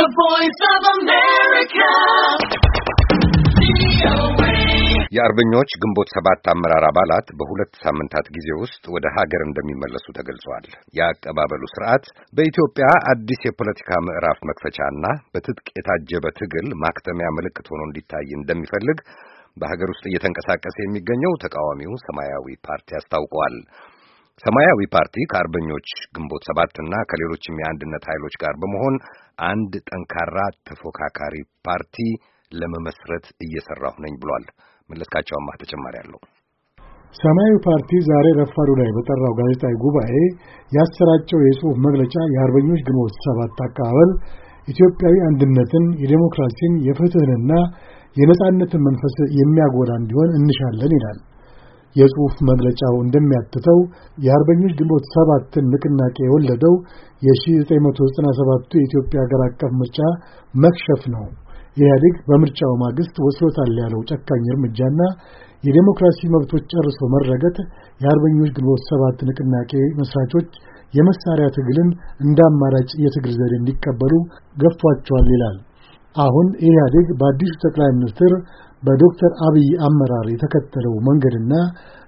The Voice of America. የአርበኞች ግንቦት ሰባት አመራር አባላት በሁለት ሳምንታት ጊዜ ውስጥ ወደ ሀገር እንደሚመለሱ ተገልጿል። የአቀባበሉ ስርዓት በኢትዮጵያ አዲስ የፖለቲካ ምዕራፍ መክፈቻና በትጥቅ የታጀበ ትግል ማክተሚያ ምልክት ሆኖ እንዲታይ እንደሚፈልግ በሀገር ውስጥ እየተንቀሳቀሰ የሚገኘው ተቃዋሚው ሰማያዊ ፓርቲ አስታውቋል። ሰማያዊ ፓርቲ ከአርበኞች ግንቦት ሰባትና ከሌሎችም የአንድነት ኃይሎች ጋር በመሆን አንድ ጠንካራ ተፎካካሪ ፓርቲ ለመመስረት እየሰራሁ ነኝ ብሏል። መለስካቸው አማህ ተጨማሪ አለው። ሰማያዊ ፓርቲ ዛሬ ረፋዱ ላይ በጠራው ጋዜጣዊ ጉባኤ ያሰራጨው የጽሑፍ መግለጫ የአርበኞች ግንቦት ሰባት አቀባበል ኢትዮጵያዊ አንድነትን፣ የዴሞክራሲን፣ የፍትህንና የነጻነትን መንፈስ የሚያጎላ እንዲሆን እንሻለን ይላል። የጽሑፍ መግለጫው እንደሚያትተው የአርበኞች ግንቦት ሰባትን ንቅናቄ የወለደው የ1997ቱ የኢትዮጵያ ሀገር አቀፍ ምርጫ መክሸፍ ነው። ኢህአዴግ በምርጫው ማግስት ወስዶታል ያለው ጨካኝ እርምጃና የዴሞክራሲ መብቶች ጨርሶ መረገጥ የአርበኞች ግንቦት ሰባት ንቅናቄ መስራቾች የመሳሪያ ትግልን እንደ አማራጭ የትግል ዘዴ እንዲቀበሉ ገፏቸዋል ይላል። አሁን ኢህአዴግ በአዲሱ ጠቅላይ ሚኒስትር በዶክተር አብይ አመራር የተከተለው መንገድና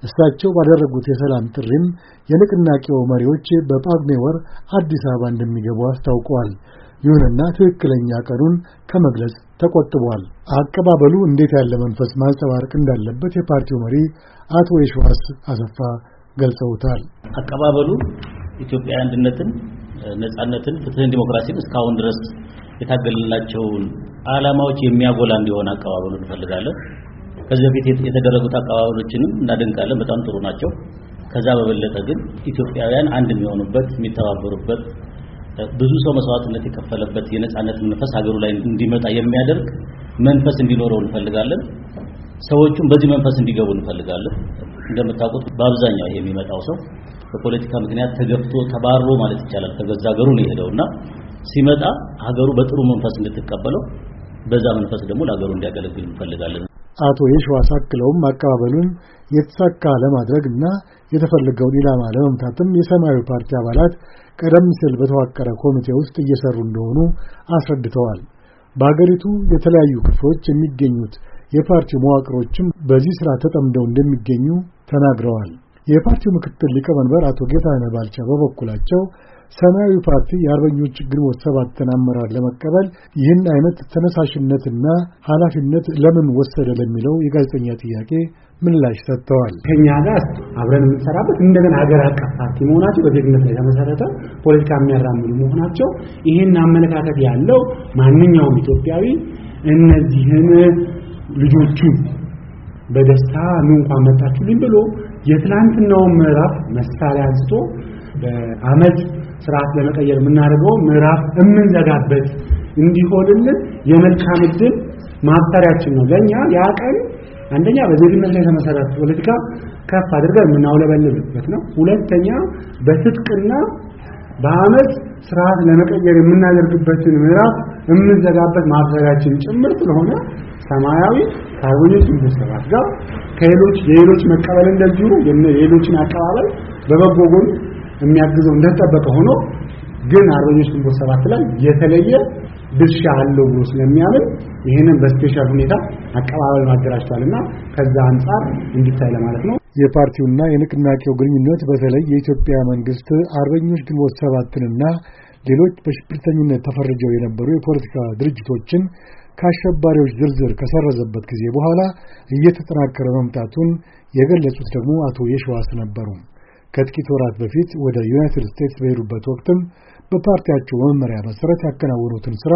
እሳቸው ባደረጉት የሰላም ጥሪም የንቅናቄው መሪዎች በጳጉሜ ወር አዲስ አበባ እንደሚገቡ አስታውቀዋል። ይሁንና ትክክለኛ ቀኑን ከመግለጽ ተቆጥቧል። አቀባበሉ እንዴት ያለ መንፈስ ማንጸባረቅ እንዳለበት የፓርቲው መሪ አቶ የሸዋስ አሰፋ ገልጸውታል። አቀባበሉ ኢትዮጵያ አንድነትን፣ ነጻነትን፣ ፍትህን፣ ዲሞክራሲን እስካሁን ድረስ የታገልላቸውን ዓላማዎች የሚያጎላ እንዲሆን አቀባበሉ እንፈልጋለን። ከዚህ በፊት የተደረጉት አቀባበሎችንም እናደንቃለን፣ በጣም ጥሩ ናቸው። ከዛ በበለጠ ግን ኢትዮጵያውያን አንድ የሚሆኑበት የሚተባበሩበት ብዙ ሰው መስዋዕትነት የከፈለበት የነጻነት መንፈስ ሀገሩ ላይ እንዲመጣ የሚያደርግ መንፈስ እንዲኖረው እንፈልጋለን። ሰዎቹም በዚህ መንፈስ እንዲገቡ እንፈልጋለን። እንደምታውቁት በአብዛኛው ይሄ የሚመጣው ሰው በፖለቲካ ምክንያት ተገፍቶ ተባሮ ማለት ይቻላል ከገዛ ሀገሩ ነው የሄደውና ሲመጣ ሀገሩ በጥሩ መንፈስ እንድትቀበለው በዛ መንፈስ ደግሞ ለሀገሩ እንዲያገለግል እንፈልጋለን። አቶ የሸዋስ አክለውም አቀባበሉን የተሳካ ለማድረግ እና የተፈለገውን ኢላማ ለመምታትም የሰማያዊ ፓርቲ አባላት ቀደም ሲል በተዋቀረ ኮሚቴ ውስጥ እየሰሩ እንደሆኑ አስረድተዋል። በሀገሪቱ የተለያዩ ክፍሎች የሚገኙት የፓርቲው መዋቅሮችም በዚህ ስራ ተጠምደው እንደሚገኙ ተናግረዋል። የፓርቲው ምክትል ሊቀመንበር አቶ ጌታነህ ባልቻ በበኩላቸው ሰማያዊ ፓርቲ የአርበኞች ግንቦት ሰባትን አመራር ለመቀበል ይህን አይነት ተነሳሽነትና ኃላፊነት ለምን ወሰደ ለሚለው የጋዜጠኛ ጥያቄ ምላሽ ሰጥተዋል። ከኛ ጋር አብረን የምንሰራበት እንደገና ሀገር አቀፍ ፓርቲ መሆናቸው በዜግነት ላይ ተመሰረተ ፖለቲካ የሚያራምዱ መሆናቸው ይህን አመለካከት ያለው ማንኛውም ኢትዮጵያዊ እነዚህን ልጆቹ በደስታ ኑ እንኳን መጣችሁልኝ ብሎ የትላንትናውን ምዕራፍ መሳሪያ አንስቶ በአመት ስርዓት ለመቀየር የምናደርገው ምዕራፍ እምንዘጋበት እንዲሆንልን የመልካም ዕድል ማብሰሪያችን ነው። ለእኛ ያ ቀን አንደኛ በዜግነት ላይ የተመሰረተ ፖለቲካ ከፍ አድርገን የምናውለበልብበት ነው። ሁለተኛ በትጥቅና በአመት ስርዓት ለመቀየር የምናደርግበትን ምዕራፍ የምንዘጋበት ማብሰሪያችን ጭምር ስለሆነ ሰማያዊ ከአርበኞች ግንቦት ሰባት ጋር ከሌሎች የሌሎች መቀበል እንደዚሁ የሌሎችን አቀባበል በበጎ ጎን የሚያግዘው እንደተጠበቀ ሆኖ ግን አርበኞች ግንቦት ሰባት ላይ የተለየ ድርሻ አለው ብሎ ስለሚያምን ይህንን በስፔሻል ሁኔታ አቀባበል አደራጅቷልና ከዛ አንጻር እንዲታይ ለማለት ነው። የፓርቲውና የንቅናቄው ግንኙነት በተለይ የኢትዮጵያ መንግስት አርበኞች ግንቦት ሰባትንና ሌሎች በሽብርተኝነት ተፈርጀው የነበሩ የፖለቲካ ድርጅቶችን ከአሸባሪዎች ዝርዝር ከሰረዘበት ጊዜ በኋላ እየተጠናከረ መምጣቱን የገለጹት ደግሞ አቶ የሸዋስ ነበሩ። ከጥቂት ወራት በፊት ወደ ዩናይትድ ስቴትስ በሄዱበት ወቅትም በፓርቲያቸው መመሪያ መሰረት ያከናወኑትን ስራ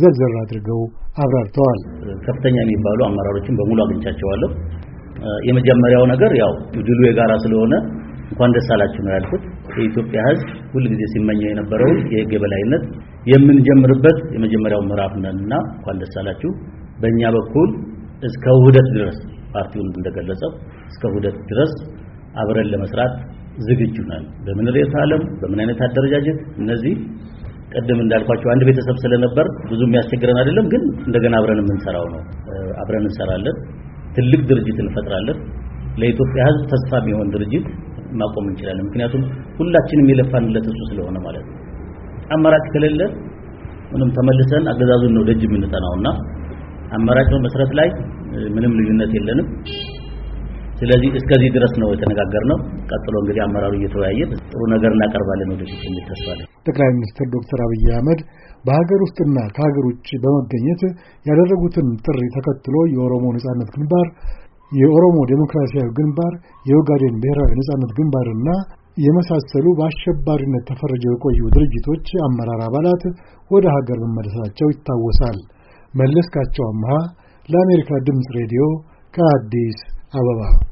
ዘርዘር አድርገው አብራርተዋል። ከፍተኛ የሚባሉ አመራሮችን በሙሉ አግኝቻቸዋለሁ። የመጀመሪያው ነገር ያው ድሉ የጋራ ስለሆነ እንኳን ደስ አላችሁ ነው ያልኩት። የኢትዮጵያ ሕዝብ ሁልጊዜ ሲመኘው የነበረውን የህግ የበላይነት የምንጀምርበት የመጀመሪያው ምዕራፍ ነንና እንኳን ደስ አላችሁ። በእኛ በኩል እስከ ውህደት ድረስ ፓርቲውን እንደገለጸው እስከ ውህደት ድረስ አብረን ለመስራት ዝግጁ ነን። በምን ርዕዮተ ዓለም፣ በምን አይነት አደረጃጀት እነዚህ ቀደም እንዳልኳቸው አንድ ቤተሰብ ስለነበር ብዙ የሚያስቸግረን አይደለም። ግን እንደገና አብረን የምንሰራው ነው። አብረን እንሰራለን። ትልቅ ድርጅት እንፈጥራለን። ለኢትዮጵያ ሕዝብ ተስፋ የሚሆን ድርጅት ማቆም እንችላለን። ምክንያቱም ሁላችንም የለፋንለት እሱ ስለሆነ ማለት ነው። አማራጭ ከሌለ ምንም ተመልሰን አገዛዙን ነው ደጅ የምንጠናውና አማራጭ መሰረት ላይ ምንም ልዩነት የለንም። ስለዚህ እስከዚህ ድረስ ነው የተነጋገርነው። ቀጥሎ እንግዲህ አመራሩ እየተወያየ ጥሩ ነገር እናቀርባለን ወደፊት የሚል ጠቅላይ ሚኒስትር ዶክተር አብይ አህመድ በሀገር ውስጥና ከሀገር ውጭ በመገኘት ያደረጉትን ጥሪ ተከትሎ የኦሮሞ ነጻነት ግንባር፣ የኦሮሞ ዴሞክራሲያዊ ግንባር፣ የኦጋዴን ብሔራዊ ነጻነት ግንባርና የመሳሰሉ በአሸባሪነት ተፈርጀው የቆዩ ድርጅቶች አመራር አባላት ወደ ሀገር መመለሳቸው ይታወሳል። መለስካቸው አምሃ ለአሜሪካ ድምፅ ሬዲዮ ከአዲስ አበባ